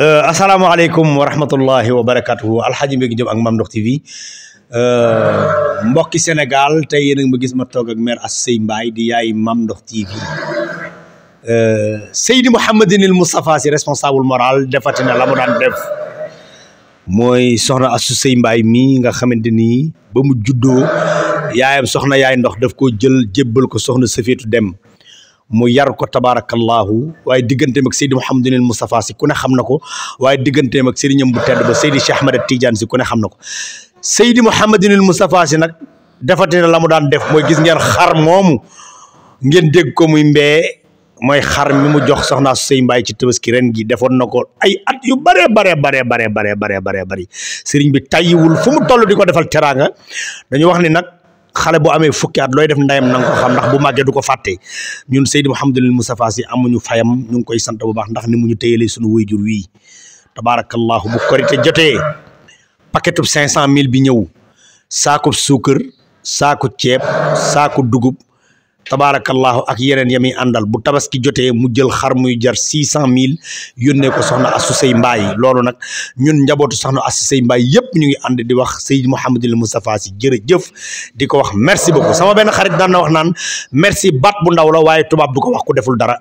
Euh, asalaamaaleykum wa rahmatullahi wa barakatuhu alxaaji Mbégi Jóob ak Mame Ndokh TV euh, mbokki Sénégal tey yéen a ma gis ma toog ak maire Astou Seye Mbaye di yaay Mame Ndokh TV euh, Seydi Mouhamadinil Moustapha si responsable moral defati na la mu daan def mooy soxna Astou Seye Mbaye nga xamante ni ba mu juddoo yaayam soxna yaay ndox def ko jël jébbal ko soxna Safiétou Dem mu yar ko tabaarakallaahu waaye digganteem ak Seydi Mouhamadunil Moustapha si ku xam na ko waaye digganteem ak sëriñam bu tedd ba Seydi Cheikh Ahmed Tidiane si ku ne xam na ko Seydi Mouhamadunil Moustapha si nag defatina la mu daan def mooy gis ngeen xar moomu ngeen dégg ko muy mbee mooy xar mi mu jox soxna su sey mbaay ci tabaski ren gi defoon na ko ay at yu bare bare bare bare bare bare bare bëri sëriñ fu mu toll di ko defal teraanga dañu wax ni nag xale boo amee fukki at looy def ndayam na nga xam ndax bu màggee du ko fàtte ñun Seydi Mouhamadul Moustapha Sy amuñu fayam ñu ngi koy sant bu baax ndax ni mu ñu téyelee suñu wayjur wii tabaarakallahu bu korite jotee paquetub cinq cent mille bi ñëw saakub suukar saaku ceeb saaku dugub tabaarakallaahu ak yeneen ya muy àndal bu tabaski jotee mu jël xar muy jar six cent mille yónnee ko soxna Astou Seye loolu nag ñun njabootu soxna Astou Seye Mbaye yëpp ñu ngi ànd di wax Seyd Mouhamadul Moustapha Sy jërëjëf di ko wax merci beaucoup sama benn xarit daan na wax naan merci baat bu ndaw la waaye tubaab du ko wax ku deful dara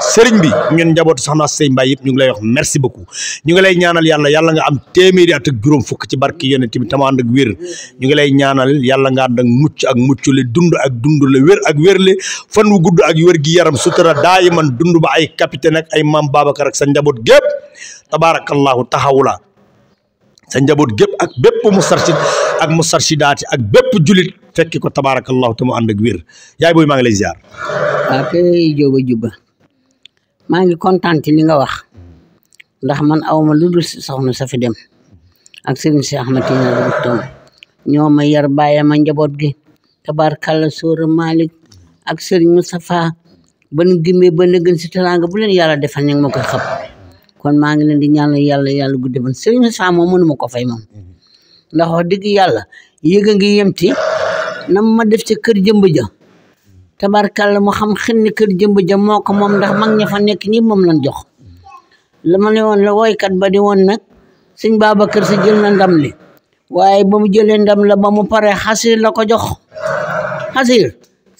sëriñ bi ñun njabootu soxna Astou Seye Mbaye yëpp ñu ngi lay wax merci beaucoup ñu ngi lay ñaanal yàlla yàlla nga am téeméeri at juróom fukk ci barke yonent bi tama ànd ak wér ñu ngi lay ñaanal yàlla nga ànd ak mucc ak mucc le dund ak dund le wér ak wér wérle fan wu gudd ak wér gi yaram sutura daayi man dund ba ay capitaine ay maam Babacar ak sa njaboot gépp tabaarakallaahu taxawula sa njaboot gépp ak bépp mustarshid ak mustarshidaati ak bépp julit fekki ko tabaarakallaahu te mu ànd ak wér yaay booy maa ngi lay ziar. waaw kay Jóoba maa ngi kontaan ci li nga wax ndax man awma lu dul soxna Safi Dem si Ahmad Tidiane Toom ñoo ma yar bàyyi gi tabaarkalla sóora Malik ak Serigne Moustapha ba ban gimmee ba nëgën si teraanga bu leen yàlla defal ñu ngi ma koy kon maa ngi leen di ñaanal yàlla yàlla gudde ban Serigne Moustapha moom mënu fay moom ndax wax dëgg yàlla yëg a ngi yemti nam ma def ci kër jëmb ja tabarkàlla mu xam xin ni kër jëmb ja moo ko moom ndax mag ña fa nekk ñi moom lañ jox la ma woon la woykat ba di woon nag sëñ kër Si jël na ndam li waaye ba mu ndam la ba mu pare xasir la ko jox xasir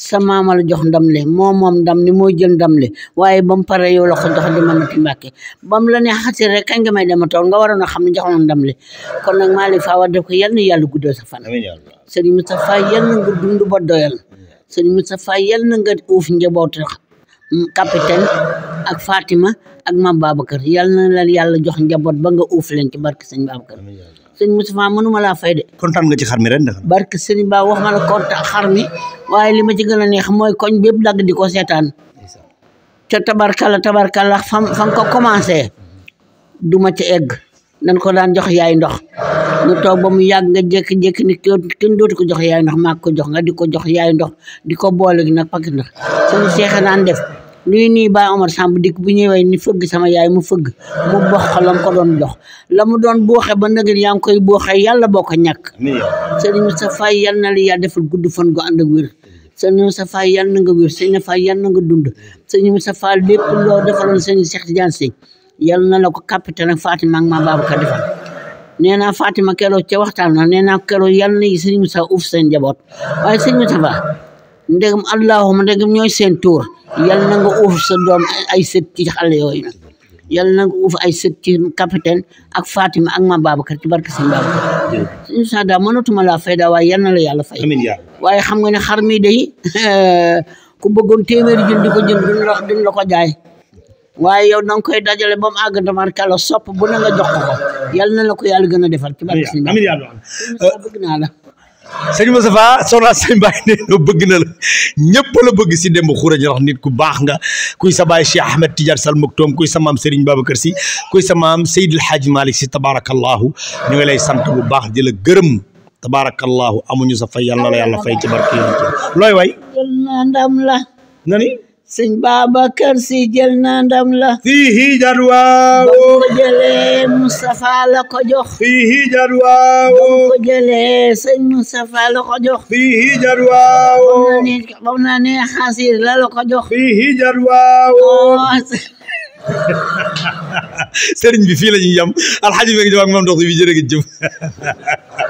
sa maama la jox ndam le moo ndam li moo jël ndam le waaye ba mu pare yow la ko jox di ma nati bam la ne xati rek kañ nga may dema tool nga waroon a xam ne jox na ndam le kon nag Malick Fa wax def ko yal na yàlla guddal sa fan Serigne Moustapha yal na nga dund ba doyal Serigne yal na nga uuf njaboot capitaine ak Fatima ak maam Babacar yàlla na leen yàlla jox njaboot ba nga uuf leen ci barke sëñ Babacar sëñ Moustapha mënuma laa fay de. kontaan nga ci xar mi ren de. barke sëñ Ba wax ma la kontaan xar mi waaye li ma ci gën neex mooy koñ bépp dagg di ko seetaan te tabarkala tabarkala fam fam ko commencé du ma ci egg nan ko daan jox yaay ndox ñu toog ba mu yàgg nga jékki-jékki ni kenn dootu ko jox yaay ndox maa ko jox nga di ko jox yaay ndox di ko boole gi nag paquet nag suñu def luy nuy Baye Omar Samb dikk bu ñëwee ni fëgg sama yaay mu fëgg mu box la ko doon dox la mu doon booxe ba nëgën yaa ngi koy booxe yàlla bokk ko ñàkk sëriñ Moustapha yal na la yàlla gudd fon gu ànd ak wér sëriñ Moustapha yal na nga wér sëriñ Moustapha yal nga dund sëriñ Moustapha lépp loo defaloon sëriñ Cheikh Tidiane Sy yal na la ko capitaine ak Fatima ak Mame Babacar defal nee naa Fatima keroog ca waxtaan na nee naa keroog yal na sëriñ Moustapha uuf njaboot ndegam allahuma ndegam ñooy seen tuur yal na nga uuf sa doom ay sët ci xale yooyu nag yal na nga uuf ay sët ci capitaine ak Fatima ak ma Babacar ci barke seen Babacar suñu daa mënatuma laa fay daa waaye yal na la yàlla fay waaye xam nga ne xar mi day ku bëggoon téeméeri jën ko jënd duñ la duñ jaay waaye yow na koy dajale ba mu àgg damar kala sopp bu na nga jox yal na la ko yàlla gën a defal ci barke seen Babacar bëgg naa la sëñ Moustapha soxna sëñ Baye nee na bëgg na la ñëpp la bëgg si démb xuréji rax nit ku baax nga kuy sa baay Cheikh Ahmed Tidiane Sall Maktoum kuy sa maam Serigne Babacar Sy kuy sa maam Seydil Hadj Malick Sy tabarakallahu bu baax di la gërëm tabarakallahu amuñu sa fay yàlla la yàlla fay ci barke looy way jël naa ndam la na ni sëñ Babacar Sy jël ndam la fii jaadu waaw Moustapha la ko jox fii jar waaw ko jëlee sëñ Moustapha la ko jox fii jar waaw bam na ne xasir la la ko jox fii jar waaw oh. sëriñ bi fii la ñuy yam alxaji bi ak moom dox bi jërëjëf